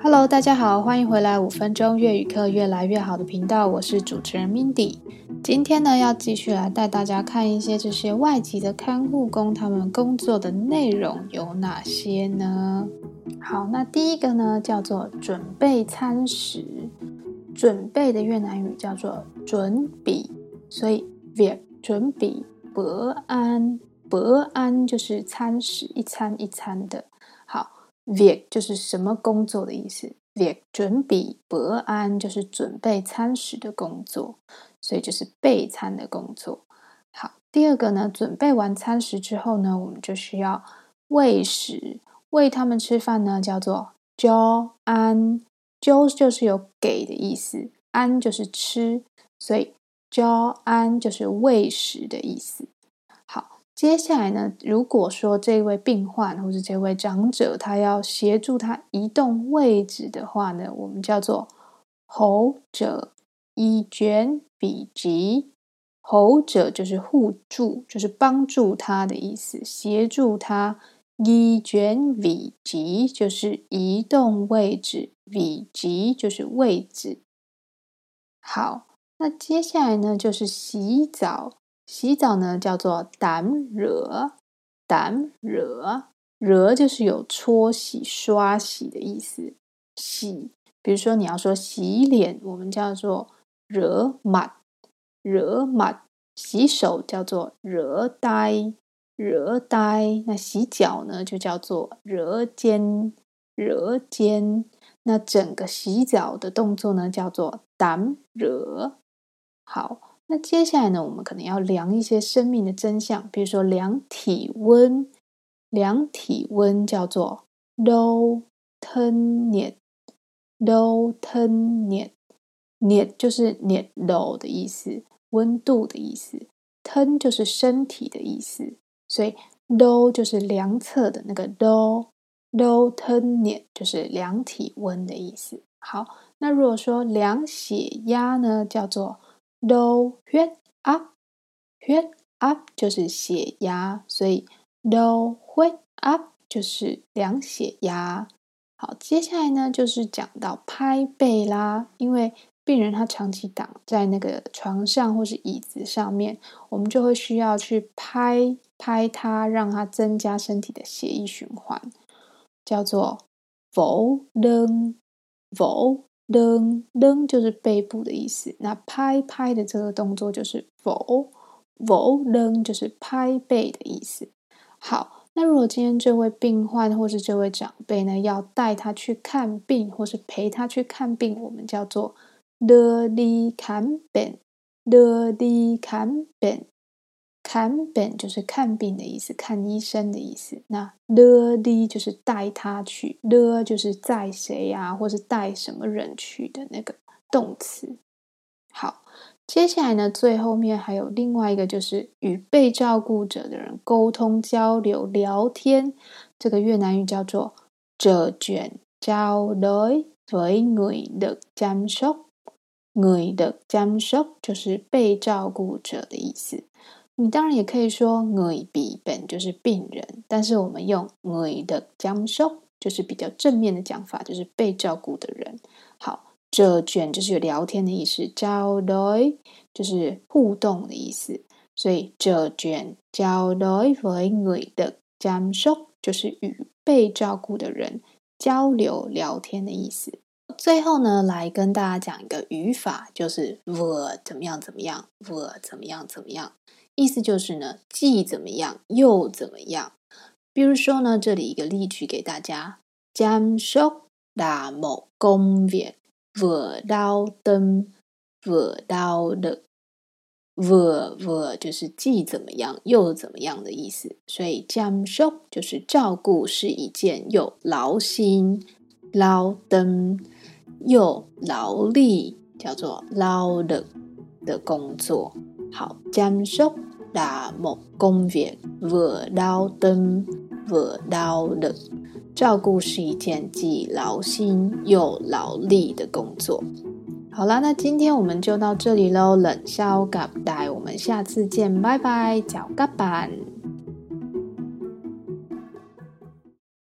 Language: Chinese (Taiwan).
Hello，大家好，歡迎回來五分鐘越語課越來越好的頻道，我是主持人 Mindy。今天呢，要繼續來帶大家看一,一些這些外籍的看護工他們工作的內容有哪些呢？好，那第一個呢，叫做準備餐食，準備的越南語叫做準比，所以準比伯安，伯安就是餐食，一餐一餐的。Việc 就是什麼工作的意思，việc chuẩn bị bữa ăn 就是準備餐食的工作，所以就是備餐的工作。好，第二個呢，準備完餐食之後呢，我們就需要餵食，餵他們吃飯呢，叫做 cho ăn，cho 就，就是有給的意思，ăn 就是吃，所以 cho ăn 就是餵食的意思。接下來呢，如果說這位病患或者這位長者他要協助他移動位置的話呢，我們叫做 “hỗ trợ di chuyển vị trí”。Hỗ trợ 就是互助，就是幫助他的意思，協助他 di chuyển vị trí，就是移動位置。Vị trí 就是位置。好，那接下來呢，就是洗澡。洗澡呢，叫做“膽惹”，膽惹，“惹”就是有搓洗、刷洗的意思。洗，比如說你要說洗臉，我們叫做“惹滿”，“惹滿”；洗手叫做“惹呆”，“惹呆”；那洗腳呢，就叫做“惹尖”，“惹尖”。那整個洗澡的動作呢，叫做“膽惹”。好。那接下來呢，我們可能要量一些生命的真相，比如說量體溫，量體溫叫做 đo thân nhiệt, đo thân nhiệt, nhiệt 就是 nhiệt độ 的意思，溫度的意思，thân 就是身體的意思，所以 đo 就是量測的那個 đo，đo thân nhiệt 就是量體溫的意思。好，那如果說量血壓呢，叫做 đo huyết áp, huyết áp 就是血壓，所以 đo huyết áp 就是量血壓。好，接下來呢就是講到拍背啦，因為病人他長期躺在那個床上或是椅子上面，我們就會需要去拍拍他，讓他增加身體的血液循環，叫做 vỗ lưng, vỗ lưng, lưng 就是背部的意思，那拍拍的這個動作就是 vỗ, vỗ lưng，就是拍背的意思。好，那如果今天這位病患或是這位長輩呢，要帶他去看病或是陪他去看病，我們叫做 đưa đi khám bệnh, đưa đi khám bệnh。看病就是看病的意思，看醫生的意思。那了的，就是帶他去，了就是載誰呀、啊，或是帶什麼人去的那個動詞。好，接下來呢，最後面還有另外一個，就是與被照顧者的人溝通、交流、聊天，這個越南語叫做這卷交所對對的家屬，對的家屬就是被照顧者的意思。你當然也可以說 người bệnh 就是病人，但是我們用 người được chăm sóc 就是比較正面的講法，就是被照顧的人。好，trò chuyện 就是有聊天的意思，trao đổi 就是互動的意思，所以 trò chuyện trao đổi với người được chăm sóc 就是與被照顧的人交流聊天的意思。最後呢，來跟大家講一個語法，就是 vừa 怎麼樣怎麼樣，vừa 怎麼樣怎麼樣，意思就是呢，既怎麼樣又怎麼樣。比如說呢，這裡一個例句給大家：Chăm sóc là một công việc，vừa lao tâm，vừa lao lực，vừa，vừa 就是既怎麼樣又怎麼樣的意思。所以 Chăm sóc 就是照顧是一件又勞心。勞登又勞力，叫做勞的的工作。好，Chăm sóc là một công việc vừa lao tâm vừa lao lực，照顧是一件既勞心又勞力的工作。好了，那今天我們就到這裡嘍，冷笑嘎呆，我們下次見，拜拜，腳嘎板。